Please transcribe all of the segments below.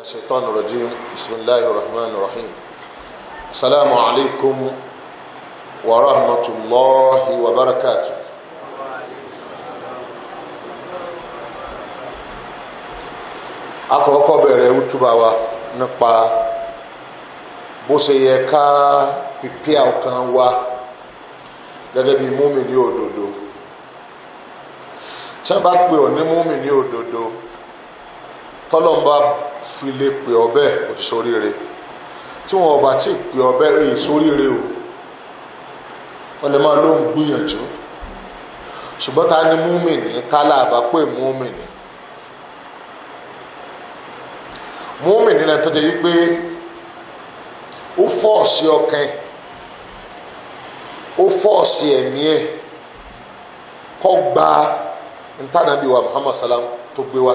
الشيطان الرجيم بسم الله الرحمن الرحيم السلام عليكم ورحمة الله وبركاته akọkọ bẹ̀rẹ̀ utuba wa nípa bó ṣe yẹ ká pípé ọkàn wa gẹ́gẹ́ bí múmìnì òdodo tí bá pè ọ ní òdodo fi lè pè ọ ti ṣoríire tí wọn ọba ti pe ọbẹ bẹ́ẹ̀ èyí o wọn lè máa ló ń gbìyànjú ṣùgbọ́n ta ni múmìnì ta là bá pè múmìnì múmìnì náà tó jẹ́ wípé ó fọ́ọ̀sì ọkàn ó fọ́ọ̀sì ẹ̀mí ẹ̀ kọ́ gba ntànàbí wa Muhammad salam tó gbé wa.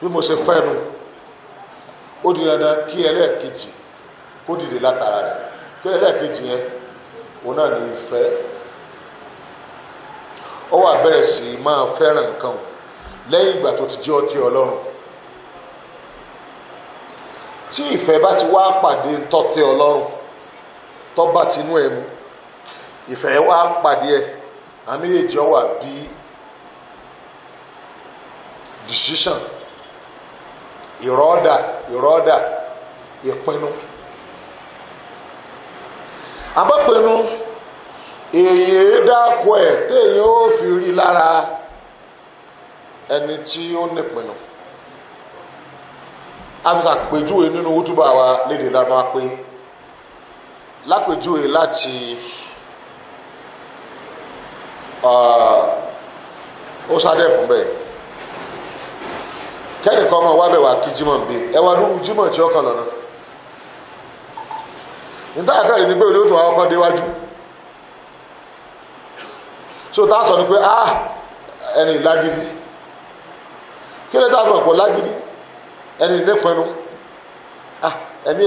bí mo ṣe fẹ́ nu ó di dandan kí ẹlẹ́ẹ̀kejì kó dìde látara rẹ̀ kí ẹlẹ́ẹ̀kejì yẹn òun náà ní ìfẹ́ ó wá bẹ̀rẹ̀ sí í máa fẹ́ràn nǹkan lẹ́yìn ìgbà tó ti jẹ́ ọtí ọlọ́run tí ìfẹ́ bá ti wá pàdé tọ́tẹ́ ọlọ́run tó bá ti nú ẹ̀ mu ìfẹ́ wá pàdé ẹ̀ àmì èjì ọwà bíi decision ìrọ́dà ìrọ́dà ìpinnu àbọ̀pinnu èèyàn dákọ̀ ẹ̀ téèyàn ó fi rí lára ẹni tí ó nípinnu àfisà pèjúwe nínú wútúbà wa léde lánàá pé lápèjúwe láti ah, ó sáré ẹ̀kún bẹ́ẹ̀. kẹ́nìkan ọmọ wa bẹ̀ wá kí jímọ̀ bí ẹ wá tí ọkàn lọ́nà níta àkàrí ni pé olè àwọn déwájú so tá sọ ni pé a ah, ẹni lágídí kí ló dá pọ̀ lágídí ẹni nípinnu ah ẹni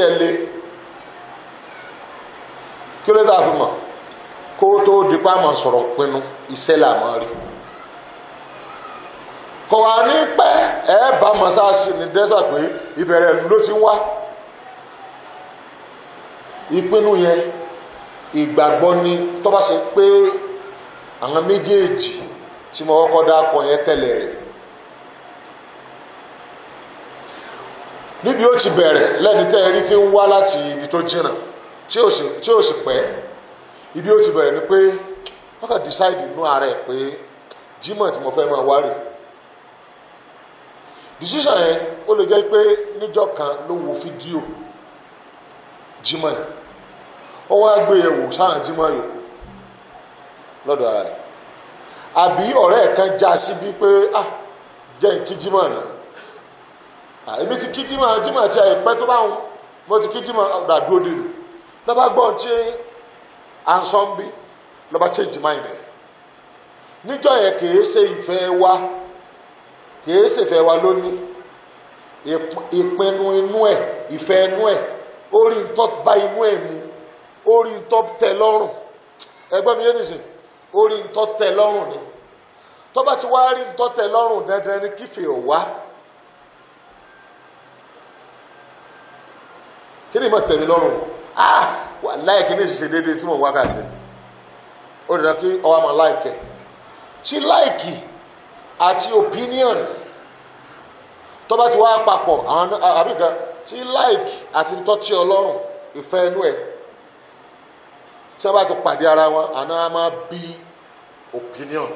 kó tó pinnu rí. kò ní pẹ́ ẹ bá mọ́sáàsì ní pé ló ti wá ìpinnu yẹn ìgbàgbọ́ ni tó ṣe pé àwọn méjèèjì tí mo kọ́kọ́ dá kọ yẹn tẹ̀lé rẹ̀ níbi ó ti bẹ̀rẹ̀ lẹ́ni ẹni tí ń wá láti ibi tó jìnnà tí ó sì ibi ó ti ni pé wọ́n kàn decide nú ara pé mo fẹ máa wá decision yẹn o lè jẹ́ pé níjọ́ kan ló wo fídíò jimoh ó wá gbé e wò sáà jimoh yòókù lọ́dọ̀ ara rẹ̀ àbí ọ̀rẹ́ ẹ̀ kan já sí bí pé ah jẹ́ n kí ti kí ti tó bá mo ti kí jimoh ọ̀dà dúró dé lu lọ́ba gbọ́n tí ansọ́nbí lọ́ba change mind ẹ̀ níjọ́ yẹn kì í ṣe ìfẹ́ wa. kìí ṣèfẹ́ wa lónìí ìpinnu inú ẹ̀ ìfẹ́ inú ẹ̀ orí ntọ́ bá inú ẹ̀ mu orí ntọ́ tẹ lọ́rùn ẹgbẹ́ mi yé nìsín orí ntọ́ tẹ lọ́rùn ni tọ́ba ti wá rí ntọ́ tẹ lọ́rùn dandan ni kífè ò wá kí ni mo tẹ̀mí lọ́rùn ah wàláhì kí ni ṣe déédéé tí mo wá káàkiri ó dìrọ̀ kí ọwọ́ àmọ́ láìkẹ́ tí láìkì. Like àti opinion tó bá ti wá papọ̀ àwọn àbí nǹkan like àti tọ́tí ọlọ́run ìfẹ́ inú ẹ̀ tí wọ́n bá ti pàdé ara wọn àná á máa bí opinion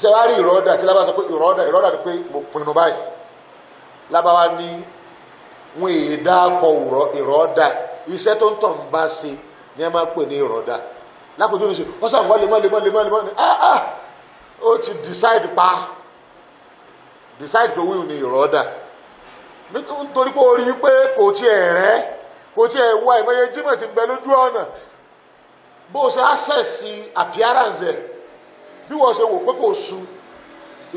ṣe wá rí ìrọ́dà tí lábá sọ pé ìrọ́dà ìrọ́dà ni pé mo pinnu báyìí lábá wa ní wọn èyí dáàkọ ìrọ́dà iṣẹ́ tó ń tàn bá ṣe ni ẹ máa pè ní ìrọ́dà lápòjú ní ṣe wọ́n sàn wọ́n lemọ́ lemọ́ lemọ́ lemọ́ ni ah ah O ti decide pa decide to will ni ìrọ́dà nítorí pé ó rí pé kò tiẹ̀ rẹ́ kò tiẹ̀ wá ìmọ̀ye jimoh ti bẹ lójú ọ̀nà bó o ṣe access appearance ẹ̀ bí wọ́n ṣe wò pé su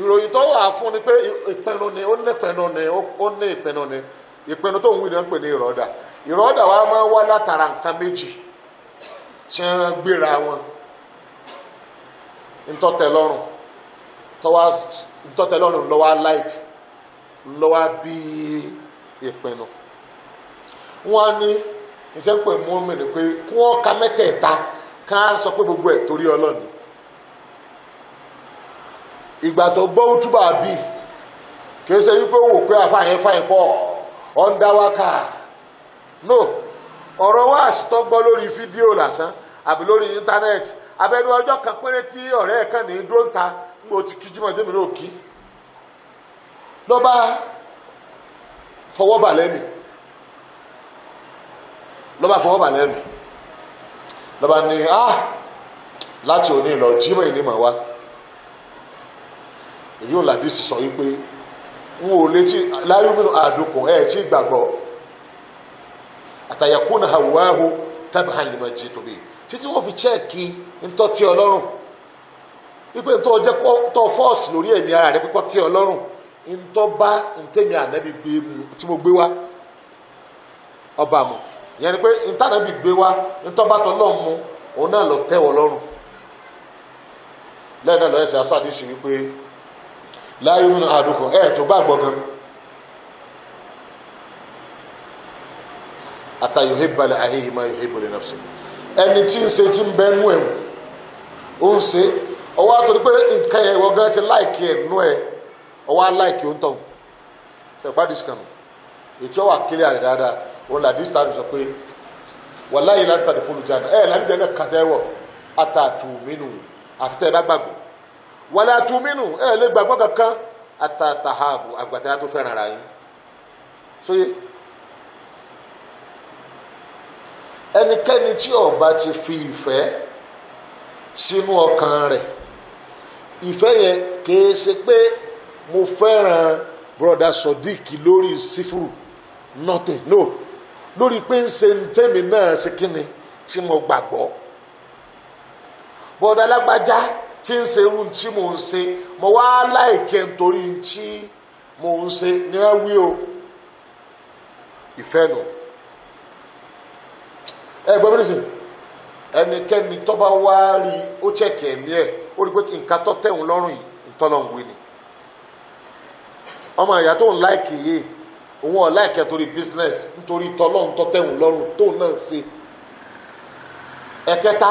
ìròyìn tó fún ni pé ìpinnu ni ó ní ìpinnu ni ó ní ìpinnu ni ìpinnu tó ń wí ni wọ́n pè ní wa máa ń wá látara nǹkan méjì tí wọ́n gbéra wọn tọ́wá tọ́tẹ̀lọ́rùn lọwa laịk lọwa bí ìpinnu wọ́n ní ìṣe ń pè mú mi ni pé ka ká sọ pé gbogbo ẹ torí ọlọ́run ìgbà tó gbọ́ túbà bí kìí ṣe wípé wò pé àfààyàn fààyàn no ọ̀rọ̀ wa àṣìtọ́ gbọ́ lórí fídíò lásán àbí lórí íńtánẹ́ẹ̀tì ọjọ́ kan péré tí ọ̀rẹ́ ẹ̀ kàn o ti kí jimá jẹ́mi náà kí lọ́ba fọwọ́ bà lẹ́mì lọ́ba fọwọ́ bà lẹ́mì lọ́ba ní a ah, láti òní lọ jimá ìní mà wá èyí ò làdí sísọ yìí pé n ò létí láyé mi àdùkùn ẹ̀ tí gbàgbọ́ àtàyàkùn náà wàá ho tábìlì máa tóbi títí wọ́n fi chẹ́ẹ̀kì ń tọ́ ọlọ́run. wípé tó ọjọ́ tó fọ́ọ̀sì lórí ẹ̀mí ara rẹ pípọ́ tí ọlọ́run ntọ́ bá ntẹ́mi ànábì gbé mu tí mo mu ìyẹn ni pé ntànábì gbé wá ntọ́ bá lọ́ọ̀ mu òun náà lọ tẹ́wọ̀ lọ́rùn lẹ́yìn láyé ẹ̀ tó bá ọwọ́ àtọ́rí pé nǹkan yẹn gan ti láìkì ẹ̀ ọwọ́ aláìkì ó ń tàn ṣẹ̀pá discount ètò ọwọ́ àkílẹ̀ rẹ̀ dáadáa òun làdí star sọ pé wàláyé láti tàbí kúlù jáde ẹ̀ láti jẹ́ náà kàtẹ́wọ̀ àtàtúmínú àfitẹ́ bá gbàgbọ́ wàlẹ́ àtúmínú ẹ̀ lè gbàgbọ́ kankan àgbàtà tó fẹ́ràn ara yín ẹnikẹ́ni tí ti fi ìfẹ́ sínú ọkàn rẹ̀ ìfẹ́ yẹn kìí ṣe pé mo fẹ́ràn broda sodiq lórí sífúrù nothing no lórí pé ń ṣe tèmi náà ṣe kíni tí mo gbàgbọ́ broda alágbájá tí ń ṣe irú tí mò ń ṣe mo wá láìkẹ́ nítorí tí mò ń ṣe ní ẹ wí o ìfẹ́ nù ẹ gbọ́ bí ẹnikẹ́ni tó bá wá rí ó chẹ̀kẹ̀ mí ẹ̀ ó rí pé nǹkan tó tẹ̀ ń lọ́rùn yìí ń ni ọmọ ìyá tó ń láìkì yìí òun ọ̀ láìkẹ́ torí business nítorí tọ́lọ́run tó tẹ̀ ń lọ́rùn tó náà ṣe ẹ̀kẹta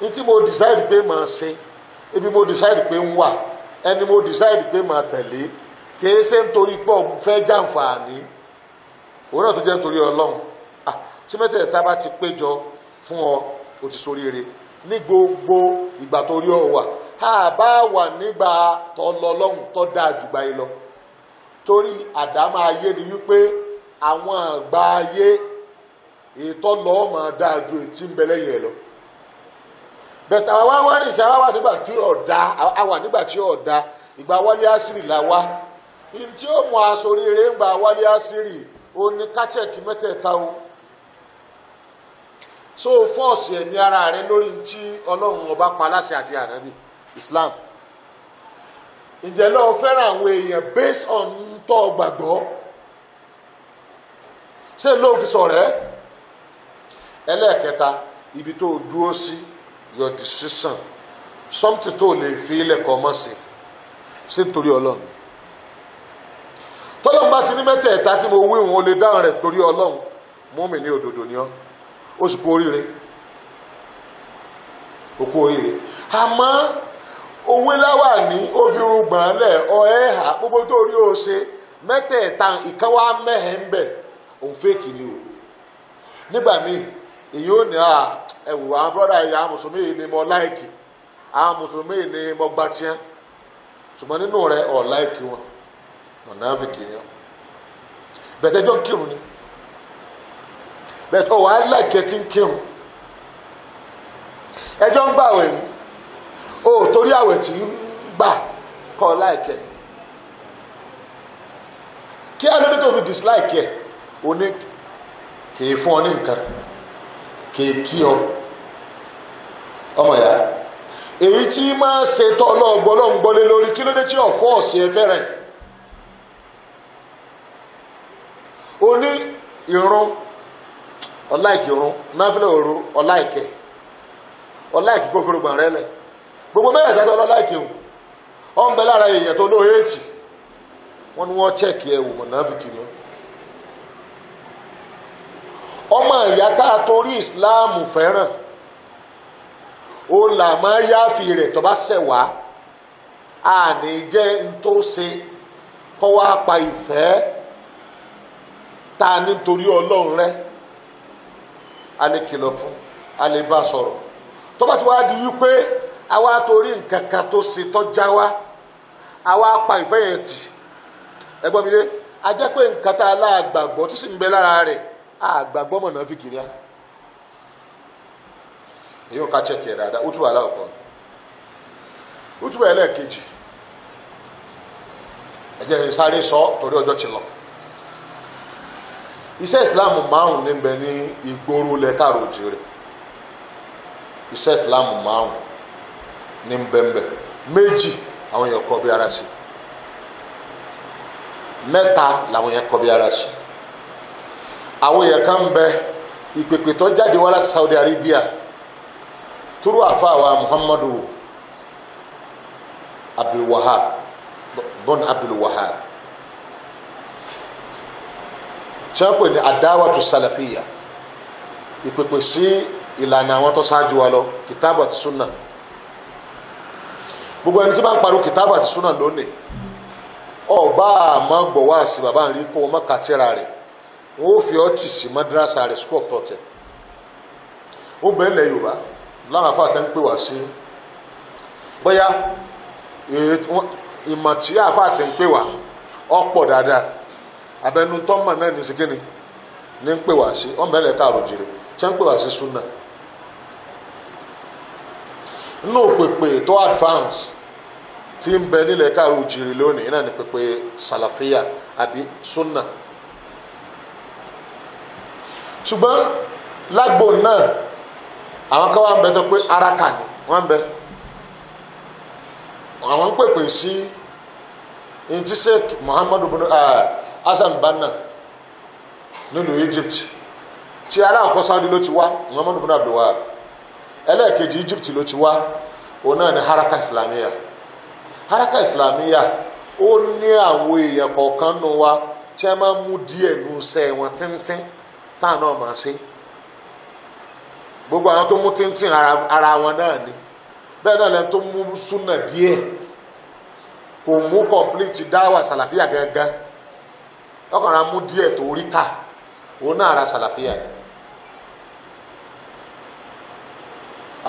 ní tí mo decide pé màá ṣe ibi mo decide pé ń wà ẹni mo decide pé màá tẹ̀lé kìí ṣe nítorí pọ̀ fẹ́ jàǹfààní òun náà tó jẹ́ nítorí ọlọ́run tí mẹ́tẹ̀ẹ̀ta bá ti péjọ fún ọ o ti ṣoríire ní gbogbo ìgbà tó rí ọ wà tá a bá wà nígbà tọlọlọ́hún tó dáa jùgbà yìí lọ torí àdámọ́ ayé ni wípé àwọn àgbà ayé ètò lọ́ọ́ máa dáa ju ètí ń bẹ lẹ́yìn ẹ̀ lọ bẹ̀tẹ̀ àwa wá ní ìṣe àwa wà nígbà tí ọ̀dà àwa nígbà tí ọ̀dà ìgbà wálé asiri là wá tí ó mọ aṣọ oríire ń gba wálé àṣírí ó ní mẹ́tẹ̀ẹ̀ta o so fọ́ọ̀sì ẹ̀mí ara rẹ lórí ti ọlọ́run ọba pa aláṣẹ àti ànábì. Islam ǹjẹ́ lọ́ọ́ fẹ́ràn àwọn èèyàn based on tó gbàgbọ́ ṣé ló fi sọ̀rẹ́ ẹlẹ́ẹ̀kẹta ibi tó dúró sí your decision something tó lè fi ilẹ̀ kọ́ ọmọ sí ṣé nítorí ọlọ́run tọ́lọ́run bá ti ní mẹ́tẹ̀ẹ̀ta tí mo wí òun ò lè dáhùn rẹ̀ torí ọlọ́run mọ́mì ní òdodo ni ọ́ ó sì kú oríire ó kú oríire àmọ́ owó láwà ní ó fi rúgbọ̀n lẹ̀ ọ ẹ̀ hà gbogbo tó rí o ṣe mẹ́tẹ̀ẹ̀ta ìkan ń bẹ̀ òun o nígbà míì èyí ò ní ẹ wò àwọn bọ́dà ẹ̀yà mùsùlùmí yìí ni mo láìkì àwọn mùsùlùmí yìí ni mo gba tiẹ́ ṣùgbọ́n nínú rẹ ọ̀ láìkì wọn ọ̀nà fèkì ni ni bẹ̀tẹ̀ wàá láìkẹ́ tí ń kírun ẹjọ́ ń wẹ̀ o torí àwẹ̀ tí ń gbà kọ́ láìkẹ́ kí tó fi dislike ẹ̀ o ní kì í fún ọ ní nǹkan kì í kí ọ ọmọ ya èyí tí máa ṣe tọ́ ọlọ́ọ̀gbọ́ ọlọ́ọ̀gbọ́lé lórí kí ló dé tí ọ̀fọ́ ẹ o ní irun ọláìkì ìrun náfìlẹ̀ òru ọláìkẹ ọláìkì kófìrúgbọ̀n gbogbo mẹ́rẹ̀ẹ́ta tó lọ láìkí o ọ ń bẹ lára èèyàn tó ló wọn chẹ́ẹ̀kì ẹ̀ wò ọmọ ìyá tá a torí ìsìláàmù fẹ́ràn ó là máa rẹ̀ pa ìfẹ́ ta nítorí ọlọ́run a lè kìlọ̀ fún awa torí nǹkan kan tó ṣe tọ́já wa àwa pa ìfẹ́ ẹgbọ́n mi a pé nǹkan tá a láàgbàgbọ́ tó sì ń bẹ lára rẹ̀ àgbàgbọ́ mọ̀nà fi kiri a èyí ò ká chẹ́kì ẹ̀ dáadáa ó ó sáré sọ torí ọjọ́ ti lọ iṣẹ́ ìsìláàmù márùn-ún ní ní lẹ́ka rẹ̀ iṣẹ́ ní bẹ́ẹ̀nbẹ́ méjì àwọn èèyàn kọ́ bí ara sí mẹ́ta làwọn èèyàn kọ́ bí ara sí àwọn èèyàn kan bẹ ìpèpè tó jáde wá láti Saudi Arabia turu àfa wa Muhammadu Abdulwahab bon Abdulwahab tí wọ́n pè ní adáwàtú salafiya ìpèpè sí ìlànà àwọn tó ṣáájú wa lọ kìtàbù àti sunna gbogbo ẹni tí bá ń pariwo kìtàbù àti súnà lónìí ọba àmọ́ gbọ̀ sí bàbá ń rí kó wọn mọ́ka tíra rẹ̀ wọn ò fi ọtí sí madrasa rẹ̀ school of thought ẹ̀ ó bẹ́ẹ̀ lẹ̀ yorùbá láwọn afá àti ń pè wá sí bóyá ìmọ̀ tí àti ń pè wá ọ̀pọ̀ dáadáa tọ́mọ̀ náà ní sikini ní ń pè wá sí jèrè tí ń pè wá sí súnà nínú òpèpè tó tí ń bẹ nílẹ̀ káàró jìrì lónìí náà ni pẹpẹ sàlàfíà àbí sunna ṣùgbọ́n lágbo náà àwọn kan wà ń bẹ araka ni wọ́n ń bẹ àwọn ń pèpè sí ntí muhammadu ah, hasan banna nílùú egypt ti ara àkọ́ sáwọ́dí ló ti wá muhammadu bin abdulwahab ẹlẹ́ẹ̀kejì egypt ló ti wá òun náà ni haraka islamiyya ó ní àwọn èèyàn kọ̀ọ̀kan nù wa tí a máa mú díẹ̀ nù sẹ́ wọn tíntín tá náà máa gbogbo àwọn tó mú tíntín ara wọn náà ni bẹ́ẹ̀ náà lẹ́nu tó mú súnà díẹ̀ kò mú complete dáwà sàlàfíà gángan ọkàn ra mú díẹ̀ tó rí ta òun náà ra sàlàfíà ni.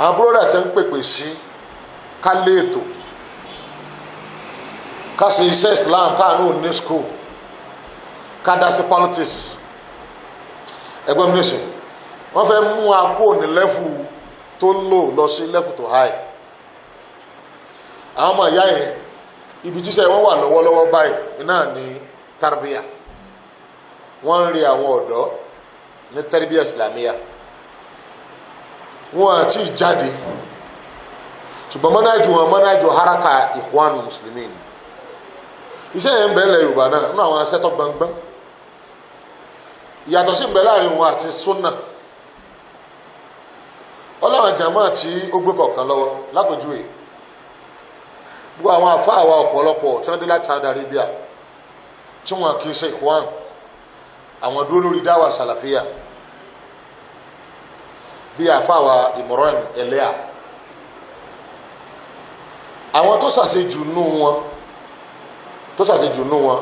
àwọn búrọ́dà ti ń pèpè sí ká ka si iṣẹ́ islam káàánú òní school kadasi dá politics ẹgbẹ́ mi nìṣẹ́ wọ́n fẹ́ mú akó ní lẹ́fù tó lò lọ sí lẹ́fù tó háì àwọn ọmọ ìyá yẹn ibi tíṣẹ́ wọ́n wà lọ́wọ́lọ́wọ́ báyìí náà ní tarbiya wọ́n ń rí àwọn ọ̀dọ́ ní tarbiya islamiyah wọn àti ìjáde ṣùgbọ́n mọ́nájú wọn mọ́nájú haraka ikhwan muslimin ni iṣẹ́ yẹn ń bẹ lẹ yorùbá náà nínú àwọn asẹ́tọ̀ gbangban ìyàtọ̀ sí ń bẹ láàrin wọn àti sunna ọlọ́run àjàmọ́ àti ó gbé kọ̀ọ̀kan lọ́wọ́ lápèjúwe gbogbo àwọn àfáà wa ọ̀pọ̀lọpọ̀ tí wọ́n dé láti Saudi Arabia tí wọn kì í ṣe ìkwan àwọn dúró lórí dáwà sàlàfíà bí àfáà wa Imran Eleha àwọn tó ṣàṣejù nù wọn tó ṣàṣejù nù wọn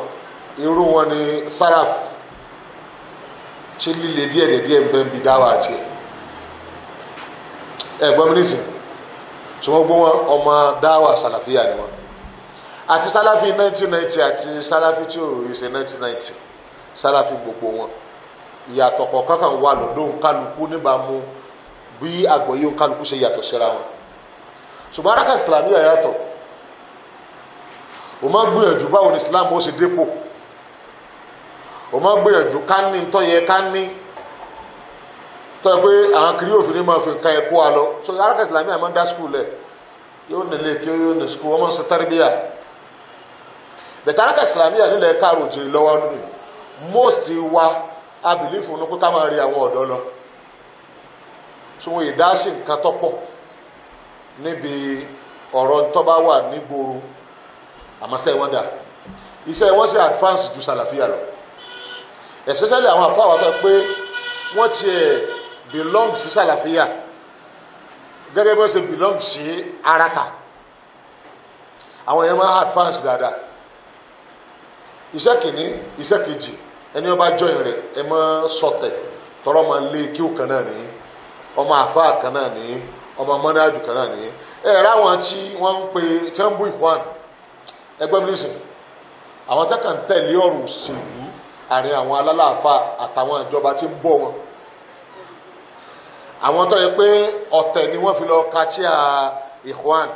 irú wọn ni saraf ṣe líle díẹ̀ díẹ̀ ń bẹ́ ń bi dáwà àti ẹ̀ ẹ̀gbọ́n mi nìsín ṣùgbọ́n gbogbo wọn ọmọ dáwà sàlàfíà ni wọn àti sálàfí 1990 àti sálàfí tí ò rí ṣe 1990 sálàfí gbogbo wọn ìyàtọ̀ kọ̀ọ̀kan kan wà lọ́dọ̀ kálukú níbàámu bí àgbọ̀yé kálukú ṣe yàtọ̀ síra wọn ṣùgbọ́n arákà ìsìlámù yà yàtọ̀ o máa gbìyànjú báwo ni islam ó ṣe dépò o máa gbìyànjú ká ní tó yẹ ká ní tó yẹ pé àwọn kiri òfin máa fi nǹkan ẹ̀kọ́ wa lọ so haraka islam yà máa ń dá skul lẹ̀ yóò nílé kí yóò ní skul wọ́n máa ń ṣe tẹ́rẹ́bíyà bẹ̀tẹ̀ haraka islam yà nílẹ̀ káàrò jìnnì lọ́wọ́ nínú most wa abìlífù ní pé ká máa rí àwọn ọ̀dọ́ lọ so wọn ìdásí nǹkan tọ́pọ̀ níbi ọ̀rọ̀ tó bá wà nígboro àmọ́sẹ́ wọn dà iṣẹ́ wọn ṣe advance ju sàlàfíà lọ especially àwọn àfáà wa tó pé wọ́n tiẹ̀ belong sí sàlàfíà gẹ́gẹ́ bí wọ́n ṣe belong sí araka àwọn yẹn máa advance dáadáa iṣẹ́ kìíní iṣẹ́ kejì ẹni wọn bá jọyìn rẹ ẹ mọ sọtẹ tọrọ máa lé kíw kan náà ní ọmọ àfáà kan náà ní ọmọ mọ́nájú kan náà ní ẹ ráwọn tí wọ́n ń pe tí wọ́n ń bú ìfọ́n àná ẹgbẹ́ mi nísìn àwọn tẹ́kà ń tẹ̀lé ọ̀rọ̀ òṣèlú àárín àwọn alálàáfà àtàwọn ìjọba tí ń bọ̀ wọn àwọn tó yẹ pé ọ̀tẹ̀ ni wọ́n fi lọ kàtíà ìhwan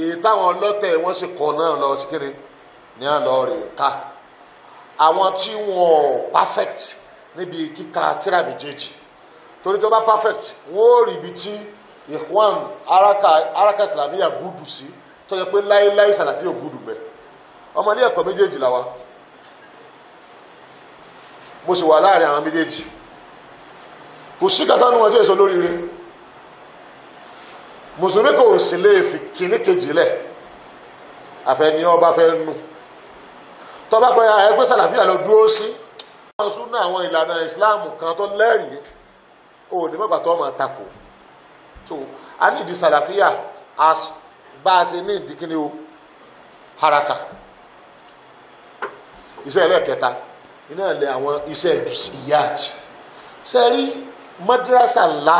èyí táwọn ọlọ́tẹ̀ wọ́n sì kọ̀ náà lọ sí kiri ní àlọ́ rè ká àwọn tí wọn ò perfect níbi kíka tíra méjèèjì torí tó bá perfect wọn ò rí ibi tí ìhwan araka araka islamiyya gúdù sí. Si tó yẹ pé láéláé sàlàfí ò gbúdù mẹ́ ọmọ ilé ẹ̀kọ́ méjèèjì làwa mo sì wà láàrin àwọn méjèèjì kò sí kàtà nu wọn tí èso lóríire mùsùlùmí kò sì lè fi kíní kejì lẹ̀ àfẹni ọba fẹ́ nu tọ́ba pẹ́ ara ẹgbẹ́ sàlàfíà lọ dúró sí wọn sún ní àwọn ìlànà ìsìláàmù kan tó lẹ́rìí òní mọ́gbà tó máa so a ní ìdí sàlàfíà as bá a ṣe ní ìdíkíní o haraka iṣẹ́ ẹlẹ́kẹta iná lẹ àwọn iṣẹ́ ìyáàj ṣe rí madrasa ńlá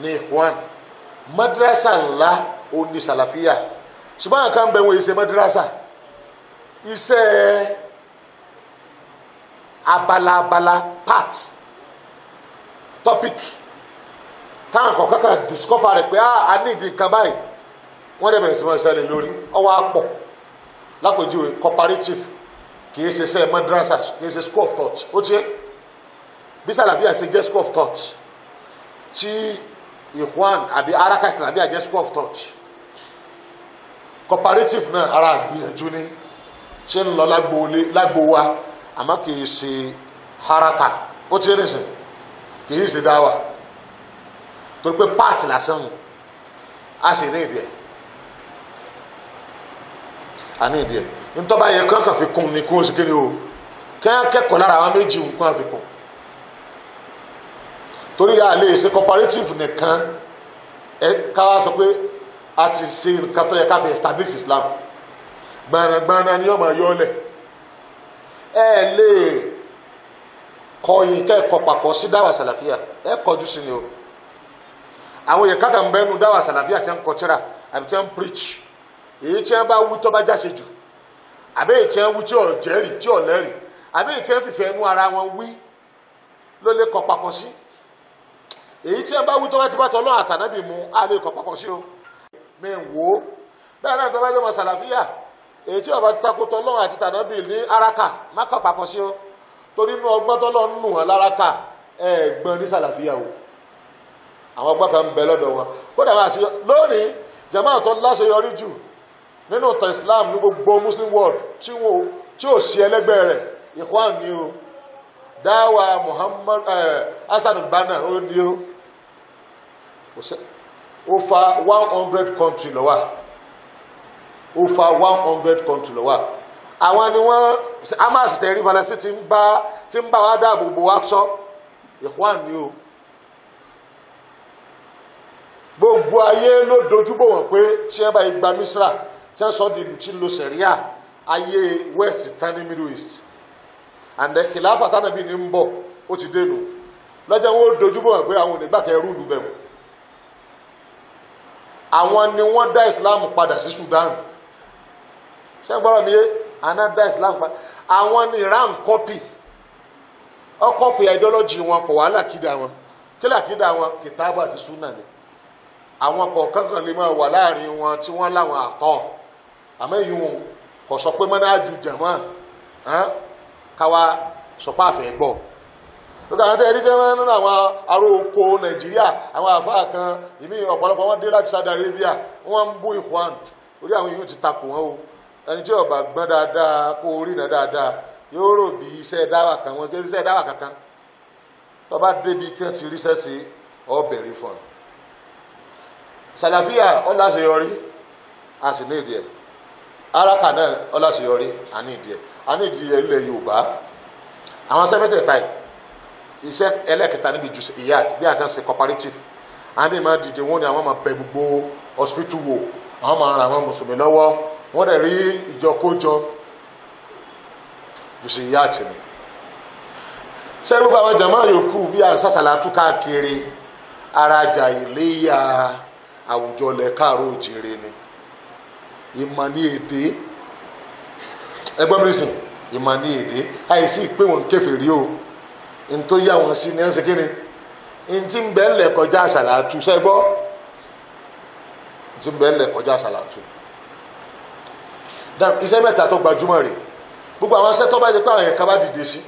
ní Ikhwan madrasa ńlá ó ní sàlàfíà ṣùgbọ́n àǹkà ń bẹ wọ́n iṣẹ́ madrasa iṣẹ́ abalabala part topic táwọn kọ̀ọ̀kan kan discover rẹ̀ pé ah, a ní ìdí nǹkan báyìí wọ́n dẹ̀ bẹ̀rẹ̀ sí máa ṣẹlẹ̀ lórí ọwọ́ àpọ̀ lápèjúwe cooperative kì í ṣe sẹ́ madrasa kì í ṣe school of thought ó tiẹ̀ bí sàlàfíà ṣe jẹ́ school of thought tí ìkwan àbí araka ìsìlàmíà jẹ́ school of thought cooperative náà ara àgbìyànjú ni ṣe ń lọ lágbo wa àmọ́ kì í ṣe haraka ó tiẹ̀ nìṣẹ́ kì í ṣe dáwà torí pé páàtì lásán a sì ní ìdí àní ìdí ẹ̀ ntọ́ba yẹ kí wọ́n kàn fi kún ní kí wọ́n sì kéde o kí wọ́n kẹ́kọ̀ọ́ lára àwọn méjì kí wọ́n torí a lè ṣe cooperative nìkan ẹ ká wá pé a ti ṣe nǹkan tó yẹ establish Islam gbanagbana ni ọmọ yọ lẹ ẹ lè kọyìn kẹ́kọ̀ọ́ papọ̀ sí dáwà sàlàfíà ẹ kọjú sí ni o àwọn èèyàn kàkà ń bẹnu dáwà sàlàfíà ti ń kọ preach èyí tí wọ́n bá wú tó bá jáse jù àbí èyí tí wọ́n wú tí ò jẹ́rìí tí ò lẹ́rìí àbí èyí tí wọ́n fìfẹ́ ẹnu ara wọn wí ló lè kọ papọ̀ sí èyí tí wọ́n bá wú tó bá ti bá tọ́ náà àtànábì mu á lè kọ papọ̀ sí o mi ń wò ó bẹ́ẹ̀ náà tó bá jẹ́ mọ́ sàlàfíà èyí tí ọba takotọ́ náà àti tànábì ní araka má kọ papọ̀ sí o torí inú ọgbọ́n tó lọ nù hàn lára ká ẹ̀ẹ́gbọ́n ní sàlàfíà o àwọn ọgbọ́n kan ń bẹ lọ́dọ̀ wọn kódà máa ṣe lónìí jàmáà tó láṣeyọrí jù nínú ìtàn islam ní gbogbo muslim world tí wọn tí ò sí ẹlẹgbẹ́ rẹ̀ ikhwan ni o dáwà muhammad hasan banna ó ní o ó fa one hundred country lọ wá ó fa one hundred country lọ wá àwọn ni wọn hamas tẹrí falasí ti ń bá ti ń bá wa dáàbò bò wá sọ ikhwan ni o gbogbo ayé ló dojúbò wọn pé tí wọn bá yẹ misra tí wọ́n sọ di ìlú tí ń lo sẹ̀ríà ayé west tán ní middle east and then kìláfà tánàbí ni ń bọ̀ ó ti dénú lọ́jọ́ wo dojúbọ̀ wọn pé àwọn ò ní gbàkẹ́ rúùlù bẹ̀ wọ́n àwọn ni wọ́n dá Islam padà sí Sudan ṣé ń gbọ́dọ̀ mi yé àná dá Islam padà àwọn ni Iran kọ́pì ọkọ̀ pé ideology wọn kọ̀ wàhálà kídà wọn kílà kídà wọn kìtàbù àti sunna ni àwọn kọ̀ọ̀kan kan lè máa wà láàrin wọn tí wọ́n láwọn àtọ̀ àmọ́ ìyún kò sọ pé mọ́nà àjù jẹ̀mọ́ káwa sọ pé àfẹ́ gbọ́ lókè àwọn tẹ́lẹ̀ tẹ́lẹ̀ nínú àwọn ará oko nàìjíríà àwọn àfáà kan ìmí ọ̀pọ̀lọpọ̀ wọn dé láti Saudi Arabia wọn ń bú ìkwan orí àwọn èèyàn ti takò wọn o ẹni tí ọba gbọ́n dáadáa kó orí náà dáadáa yóò rò bí iṣẹ́ dáwà kan wọn kí iṣẹ́ dáwà kankan tọba débi tí wọn ti ríṣẹ́ sí ọbẹ̀rẹ̀ fún un sàlàfíà ọ̀làṣeyọrí a sì ní ìdí ẹ̀. araka náà ọlásìyọrí àníìdí ẹ ilẹ̀ yorùbá àwọn sẹ́mẹ́tẹ̀ẹ̀ta yìí iṣẹ́ ẹlẹ́kẹta níbi jù ìyá bí àti cooperative àní máa dìde wọn ni àwọn máa bẹ gbogbo hospital wò àwọn máa ran àwọn mùsùlùmí lọ́wọ́ wọ́n dẹ̀ rí ìjọkójọ jù sí ìyá sẹ́rú bá àwọn jàmáà yòókù bí káàkiri ara ni. ìmọ̀ ní èdè ẹgbẹ́ mi sùn ìmọ̀ ní èdè àìsí pé wọn kèfèrí o n tó yá wọn sí ní ẹsẹ̀ kí ni n ti ń bẹ́ẹ̀ lẹ̀ kọjá àṣàlàtú sẹ́gbọ́ n ti ń bẹ́ẹ̀ lẹ̀ kọjá àṣàlàtú dam iṣẹ́ mẹ́ta tó gbajúmọ̀ rẹ̀ gbogbo àwọn iṣẹ́ tó bá yẹ pé àwọn yẹn ká bá dìde sí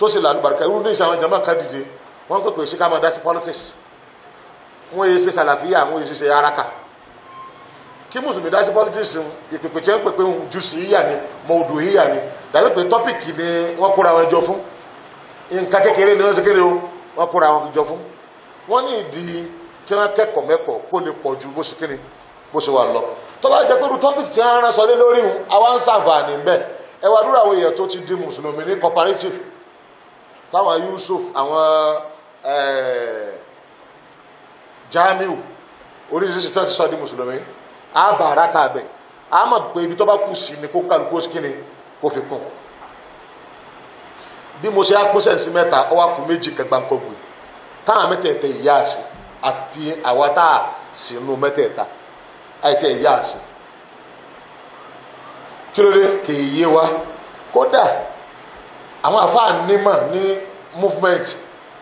tó sì làlùbàrìkà irú ní ìṣe àwọn jàmbá ká dìde wọ́n pèpè sí ká máa dá sí politics wọ́n yẹ ṣe sàlàfíà wọ́n yẹ ṣe ṣe araka kí mùsùlùmí dá sí politics ń ìpèpè tí wọ́n pèpè ń ju sí yíyà ni mọ odò yíyà ni dàbí pé tọ́pìkì ni wọ́n kóra wọn jọ fún nǹkan kékeré ni wọ́n ṣe kéré o wọ́n kóra wọn jọ fún wọ́n ní ìdí kí wọ́n kẹ́kọ̀ọ́ mẹ́kọ̀ọ́ kó lè pọ̀ ju bó ṣe kéré bó ṣe wà lọ tó bá jẹ́ pé irú tí wọ́n rán sọ lé lórí wọn àwa ń ṣàǹfààní bẹ́ẹ̀ ẹ wá dúró àwọn èèyàn tó ti di mùsùlùmí ní cooperative táwọn Yusuf àwọn eh, Jamiu oríṣiríṣi tó ti sọ di mùsùlùmí á bà á rákà bẹ̀ á mọ̀ pé ibi tó bá kù sí ni kó kálukú kíni kó fi kún bí mo ṣe á pín sẹ́ǹsì mẹ́ta ọwọ́ kù méjì kẹgbàǹkọ̀gbìn táwọn mẹ́tẹ̀ẹ̀tẹ̀ ìyá àṣẹ àti àwa tá a sì nù mẹ́tẹ̀ẹ̀ta àìtí ìyá àṣẹ kí ló dé kì í yé wa kódà àwọn àfáà nímọ̀ ní movement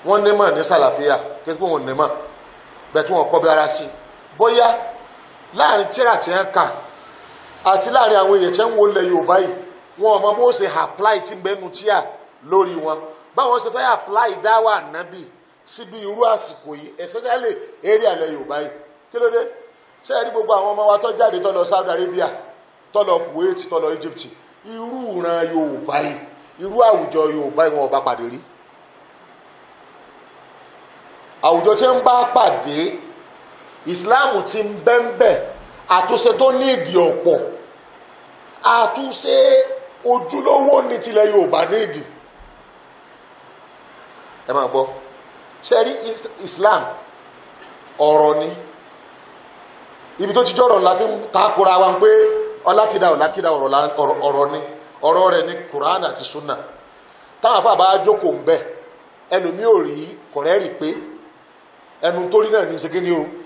wọ́n nímọ̀ ní sàlàfíà kí wọ́n nímọ̀ bẹ́ẹ̀ tí wọ́n kọ́ bí ara sí bóyá láàrin tíra tí kà àti láàrin àwọn èèyàn tí wọ́n ń wọlé yorùbá yìí wọn ọmọ mọ bó ṣe apply ti bẹnu tíà lórí wọn báwọn ṣe fẹ́ apply dáwà nábì síbi irú àsìkò yìí especially area ilẹ̀ yorùbá yìí kí ló dé ṣé ẹ rí gbogbo àwọn ọmọ wa tó jáde tó Saudi Arabia tó lọ Kuwait tó Egypt irú ìran yorùbá yìí irú àwùjọ yorùbá yìí wọn ò bá pàdé rí àwùjọ tí ń bá pàdé islam ti ń bẹ́ńbẹ́ àtúnṣe tó ní ìdí ọ̀pọ̀ àtúnṣe ojúlówó ní tilẹ̀ yorùbá ní ìdí ẹ máa gbọ́ sẹ́rí islam ọ̀rọ̀ ni ibi tó ti jọ̀rọ̀ láti takora wa pé ọlákìdá ọlákìdá ọ̀rọ̀ ni ọ̀rọ̀ rẹ̀ ni quran àti sunna táwọn afáàbá jókòó ń bẹ̀ ẹlòmíì ò rí kọ̀rẹ́ rí pé ẹnu torí náà ní ṣe ni o.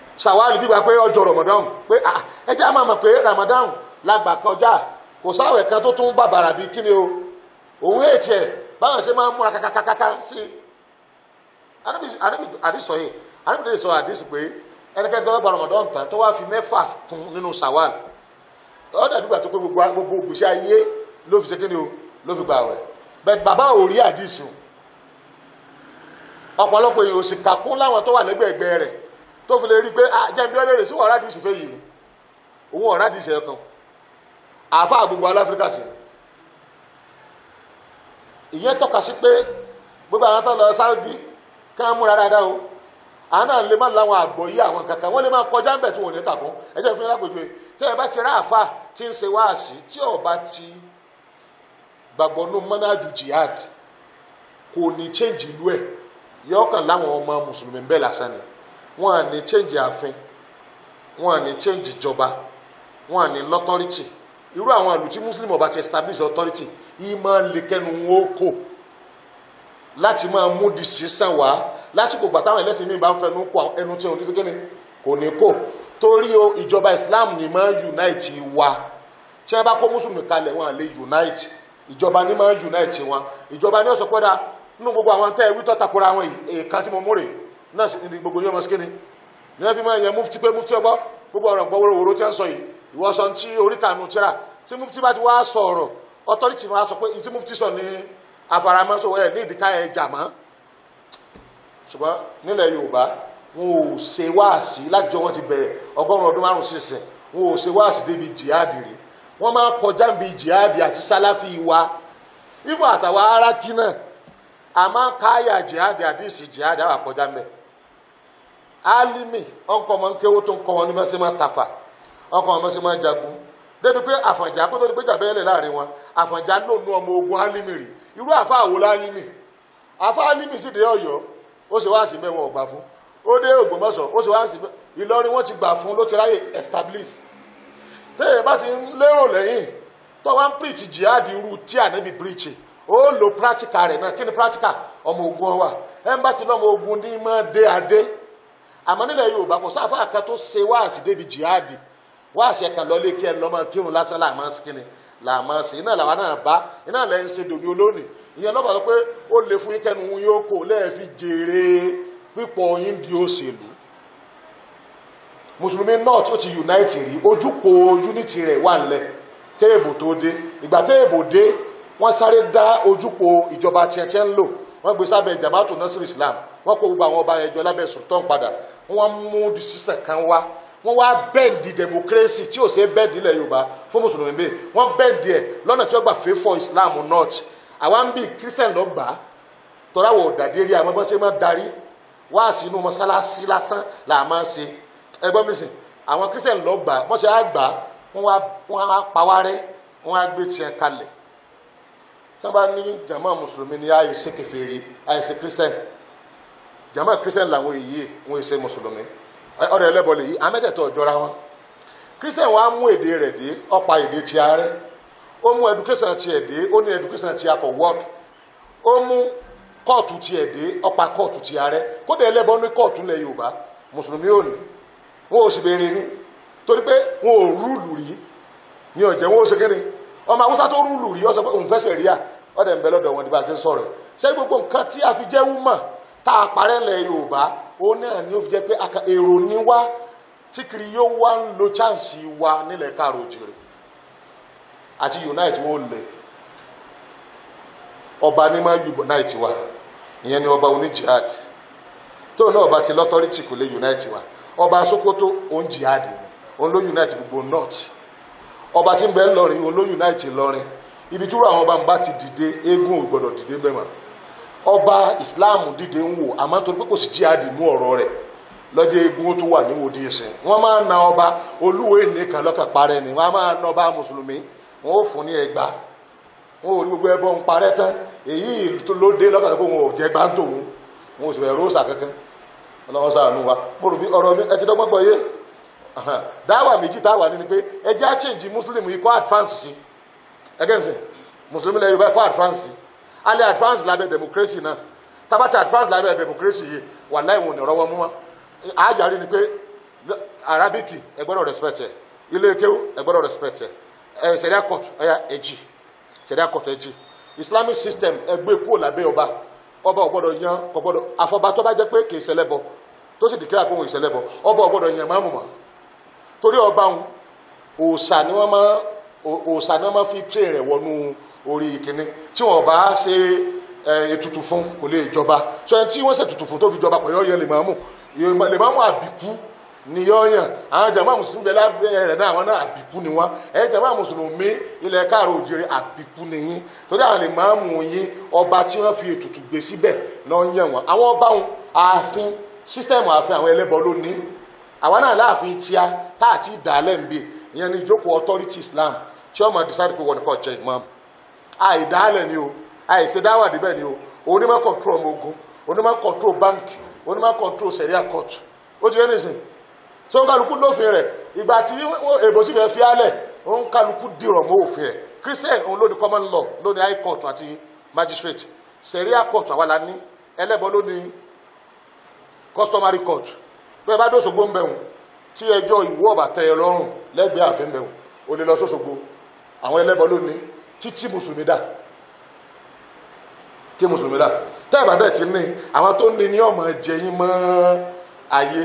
sàwárì bí wà pé ọjọ́ Ramadan pé ah, ẹ jẹ́ àmàmà pé Ramadan làgbà kọjá kò sáwẹ̀ kan tó tún bàbàrà bíi kíni o òun ètì ẹ̀ báwọn ṣe máa ń múra kakakakaka sí i àdìsọ yìí àdìsọ yìí sọ àdìsọ pé ẹnikẹ́ni tó bá gba Ramadan tán tó wá fi mẹ́fà kún nínú sàwárì ó dàbí gbà tó pé gbogbo ògbésí ayé ló fi ṣe kíni o ló fi gbà wẹ̀ bẹ́ẹ̀ bàbá ò rí àdìsọ ọ̀pọ̀lọpọ̀ èèyàn ò sì kàkún láwọn tó wà lẹ́gbẹ̀ẹ́gbẹ́ rẹ̀ tó fi lè rí i pé ah, jẹ́mi ọ́ lèrè sí wọ́n ọ̀rádìí ìsìnfẹ́ yìí òun ọ̀rádìí ìsìn ẹ̀kan àfa gbogbo aláfíríkà sí ìyẹn tọ́ka sí pé gbogbo àwọn tó lọ sáúdí kí wọ́n múra dáadáa o àwọn náà lè má láwọn àgbọ̀ yí àwọn kankan wọ́n lè má kọjá ńbẹ̀ tí wọ́n lè tàkún ẹjẹ́ fún yàrá gbèjò tẹ́ ẹ bá ti rá àfa tí ń ṣe wáàsí tí ọba ti wọn à ní change ààfin wọn à ní change ìjọba wọn à ní lọ́tọ́rìtì irú àwọn ìlú tí muslim ọba ti establish authority yìí máa ń lè kẹnu wọn ó kò láti máa mú decision wá lásìkò gbà táwọn ẹlẹ́sìn mi bá ń fẹnu kó ẹnu tí wọn ní sikẹ́ni kò ní kó torí o ìjọba islam ni máa ń unite wa tí wọn bá kó mùsùlùmí kalẹ̀ wọn à lè unite ìjọba ni máa ń unite wọn ìjọba ni ó sọ pé dáa nínú gbogbo àwọn tẹ́ ẹ wí tọ́ takora wọn yìí èèkan tí mo mú rèé náà sì ní gbogbo yóò mọ̀ sí kíni ní wọ́n fi máa yẹn mufti pé mufti ọgbọ́ gbogbo ọ̀rọ̀ gbọ́ wóró wóró tí wọ́n sọ yìí ìwọ́sọ tí orí kànú tíra tí mufti bá ti wá sọ ọ̀rọ̀ ọtọ́rìtì máa sọ pé tí mufti sọ ní afaramọ́sọ ẹ̀ ní ìdíkà ẹ̀ jà mọ́ ṣùgbọ́n nílẹ̀ Yorùbá wọn ò ṣe wáàsí lájọ wọn ti bẹ̀rẹ̀ ọgọ́rùn ọdún márùn sísẹ̀ wọn ò ṣe wáàsí débi jihad rè wọ́n máa kọjá níbi jihad àti sálàfì wa ibò àtàwọn arákí náà àmọ́ káyà jihad àdìsí jihad àwọn àkọjá mẹ́ẹ̀ alimi ọkọ ọmọ nkewo tó ń kọ wọn ní mẹsẹ máa tafa ọkọ ọmọ mẹsẹ máa jagun débi pé àfànjá kó tó di pé jà bẹ́ẹ̀ lẹ̀ láàrin wọn àfànjá náà nu ọmọ ogun alimi rì irú àfa àwòlá alimi àfa alimi sì dé Ọ̀yọ́ ó sì wá sí mẹwọn ọgbà fún ó dé Ògbómọ̀ṣọ́ ó sì wá sí Ìlọrin wọn ti gbà fún ló ti ráyè establish téèyàn bá ti ń lérò lẹ́yìn tó wá ń preach jihad irú tí ànábì preach ó lo practical rẹ̀ náà kí ni practical ọmọ ogun wa ẹ̀ ń bá ti lọ́mọ ogun ní mọ́ dé adé àmọ́ nílẹ̀ yorùbá kò sáfà kan tó ṣe wáàsí débi jihadi wáàsí ẹ̀ka lọ́lé kí ẹ lọ́mọ kírun lásán làmọ́ kíni làmọ́ sí iná làwọn náà bá iná lẹ́yìn ṣe dòbí olónìí ìyẹn lọ́ba sọ pé ó lè fún yín kẹ́nu yín ó kò lẹ́ẹ̀fi jèrè pípọ̀ yín di òṣèlú mùsùlùmí north ó ti unite rí ojúpo unity rẹ̀ wà ńlẹ̀ téèbù tó dé ìgbà téèbù dé wọ́n sáré dá ojúpo ìjọba tiẹ̀tiẹ̀ ń lò wọ́n gbé sábẹ́ jamaatul nasir islam wọ́n kó gbogbo àwọn ọba ẹjọ́ lábẹ́ sultan padà wọ́n mú decision kan wá wọ́n wá bẹ́ẹ̀dì democracy tí ò ṣe bẹ́ẹ̀dì ilẹ̀ yorùbá fún mùsùlùmí bẹ́ẹ̀ wọ́n bẹ́ẹ̀dì ẹ̀ lọ́nà tí wọ́n gbà fẹ́ fọ islam north àwa ń bí christian lọ gbà á tọ́láwọ̀ dàdérí àmọ́ bọ́sẹ̀ máa darí wá sínú mọ́sálásí lásán là máa ń ṣe ẹgbọ́n mi sìn àwọn christian lọ gbà á bọ́sẹ̀ á gbà á wọ́n á pa wọ́n á gbé tiẹ̀ kalẹ̀ tí wọ́n bá ní jàmá mùsùlùmí ni àìsè kèfèrí àìsè christian jama christian làwọn èyí yẹ wọn èsè mùsùlùmí ọ̀rọ̀ ẹlẹ́bọ lèyí amẹtẹtọ jọra wọn christian wa mú èdè rẹ̀ dé ọpa èdè ti ààrẹ ó mú education tiẹ̀ dé ó ní education ti akọ work ó mú kóòtù tiẹ̀ dé ọpa kóòtù ti ààrẹ kódà ẹlẹ́bọ ní kóòtù lẹ yorùbá mùsùlùmí ò ní wọn ò sì béèrè ní torí pé wọn ò rúùlù rí ní ọ̀jẹ̀ wọn ò ṣe kéde ọmọ awúsá tó rúùlù rí ọ pé òun fẹsẹ̀ rí à ọ̀dẹ̀ ń bẹ lọ́dọ̀ wọn ní bá a gbogbo nǹkan tí a fi jẹ́ tá a parẹ́ lẹ̀ yorùbá ó náà ni ó fi jẹ́ pé èrò ni wá tí kiri yóò wá ń lo chance wa nílẹ̀ káàró jèrè àti unite wọ́n lẹ̀ ọba ní máa unite wa ìyẹn ni ọba oníjihad tó náà ọba ti lọ́tọ́rìtì kò lè unite wa ọba sokoto òun jihad ni òun ló unite gbogbo north ọba tí ń bẹ lọrin òun ló unite lọrin ibi tí àwọn ọba ń bá ti dìde eégún ò gbọdọ̀ dìde bẹ́ẹ̀ mọ́. ọba islam dìde ń wò àmọ́ torí pé kò sí jihad mú ọ̀rọ̀ rẹ̀ lọ́jọ́ egun tó wà ní ìsìn wọ́n máa na ọba olúwo ènìkan lọ́kàn parẹ́ ni wọ́n máa na ọba mùsùlùmí wọ́n ò fún ní ẹgbà wọ́n ò rí gbogbo ẹbọ ń parẹ́ tán èyí wọn ò jẹ́ wọn ò ni pé ẹ jẹ́ àchèjì mùsùlùmí advance sí ẹgẹ́ nsẹ̀ mùsùlùmí lẹ́yìn a lè advance lábẹ́ democracy náà tábà ti advance lábẹ́ democracy yìí wàláhì wọn ò ní mú wọn àájàrí ni pé arabiki ẹ gbọ́dọ̀ respect ẹ ilé kéwú ẹ gbọ́dọ̀ respect ẹ ẹ sẹ̀ríà court ẹ̀yà ẹ̀jì sẹ̀ríà court ẹ̀jì islamic system ẹ gbé kúrò lábẹ́ ọba ọba ò gbọ́dọ̀ yan kò gbọ́dọ̀ àfọba tó bá jẹ́ pé kì í ṣẹlẹ́bọ tó sì dìkẹ́ àpò òun ìṣẹlẹ́bọ ọba ò gbọ́dọ̀ yan máàmù mọ́ torí ọba òun òòṣà ni wọ́n máa òòṣà ni wọ́n máa fi train rẹ̀ wọnú orí ìkíní tí wọ́n bá ṣe ètùtù fún kò lè jọba so ẹni tí wọ́n ṣe ètùtù fún tó fi jọba pẹ̀lú ọ̀yàn lèmọ́mù lèmọ́mù àbíkú ni yọ̀ọ̀yàn àwọn jàmbá mùsùlùmí bẹ lábẹ́ rẹ̀ náà àwọn náà àbíkú ni wọ́n ẹ̀yìn jàmbá mùsùlùmí ilẹ̀ káàró òjèrè àbíkú ni yín torí àwọn lèmọ́mù yín ọba tí wọ́n fi ètùtù gbé síbẹ̀ náà yàn wọ́n àwọn ọba wọn ààfin sísítẹ́ẹ̀mù ààfin àwọn ẹlẹ́bọ lónìí àwọn náà ni ìjókòó authority Islam tí wọ́n máa decide pé àìdálẹ̀ ni o àìṣedáwà níbẹ̀ ni o onímọ̀ control ọmọ ogun onímọ̀ control bank onímọ̀ control sẹ̀ríà court ó ti yẹ nìsín tó ń kálukú lófin rẹ̀ ìgbà tí èbó sì fẹ́ fi álẹ̀ ó ń kálukú dìrọ̀ mọ́ òfin ẹ̀ christian òun ló ní common law ló ní high court àti magistrate sẹ̀ríà court àwa la ní ẹlẹ́bọ ló ní customary court bẹ́ẹ̀ bá dóṣogbo ń bẹ̀wò tí ẹjọ́ ìwú ọ̀bà tẹ ẹ lọ́rùn lẹ́gbẹ̀ẹ́ àfẹ́ ń bẹ̀wò ó lè lọ sóṣogbo àwọn ẹlẹ́bọ ló ní títí mùsùlùmí dà kí mùsùlùmí dà tẹ́ẹ̀bà dẹ̀ ti ní àwọn tó ní ní ọmọ jẹyìn mọ́ ayé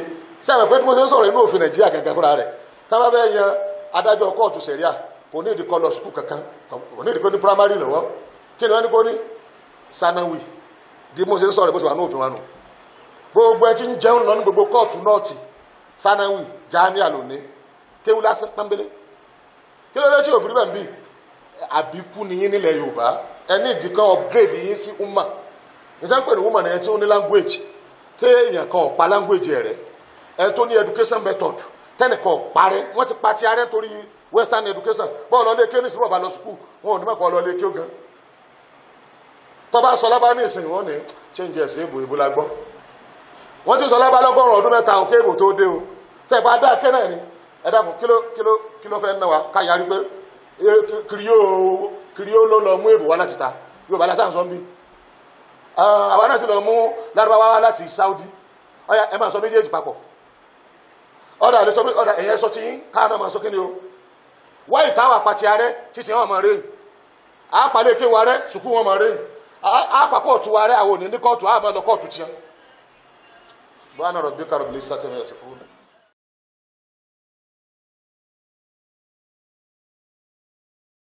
sábà pé mo ṣe ń sọ̀rọ̀ inú òfin nàìjíríà gẹ́gẹ́ fúnra rẹ̀ tábà bẹ́ẹ̀ yan adájọ́ kóòtù sẹ̀ríà kò ní ìdíkọ́ lọ sùkúù kankan kò ní ìdíkọ́ ní primary lọ́wọ́ kí ni wọ́n ní kó ní sanawi di mo ṣe ń sọ̀rọ̀ bó ṣe wà ní òfin wa nù gbogbo ẹ ti ń jẹun lọ ní gbogbo kóòtù nọ́ọ̀tì sanawi jamiu aloni kéwu lásán pẹ́ńbélé kí ló dé tí òfin bẹ́ẹ̀ ń bíi àbíkú nìyí nílẹ̀ yorùbá ẹni ìdí kan upgrade yín sí umma nítorí pé ní umma ni ẹni tí ó ní language téèyàn kan ọ̀pá language rẹ̀ ẹni tó ní education method tẹ́nìkan ọ̀parẹ́ wọ́n ti pa ti arẹ́ torí western education bọ́ọ̀ lọ lé kí ní ìṣúrọ̀ bá lọ sùkúù wọn ò ní mẹ́kọ̀ọ́ lọ lé gan tọ́ba sọ ní ìsìn wọn ni change ẹ̀sìn ìbò ìbò la gbọ́ wọ́n ti sọ lọ́ba lọ́gọ́rùn ọdún mẹ́ta òkè ìbò tó dé o tẹ́ bá dá kẹ́nà ni ẹ dàbọ̀ kí ló kí ló kí ló fẹ́ pé kiri ló lọ mú èbò wá láti ta yorùbá lásán sọ mí àwọn náà sì lọ mú lárúbáwá wá láti saudi ọyà ẹ máa sọ méjèèjì papọ̀ ọ̀dà sọ pé ọ̀dà ẹ̀yẹ sọ máa sọ o wá ìtawà arẹ títí wọn máa wa rẹ sùkú wọn máa rìn àpapọ̀ ọ̀tún wa rẹ àwọn òní ní kóòtù àmọ́ lọ kóòtù tiẹ̀ báwọn ọ̀rọ̀ bí kárọ̀ bí sátẹ̀ fún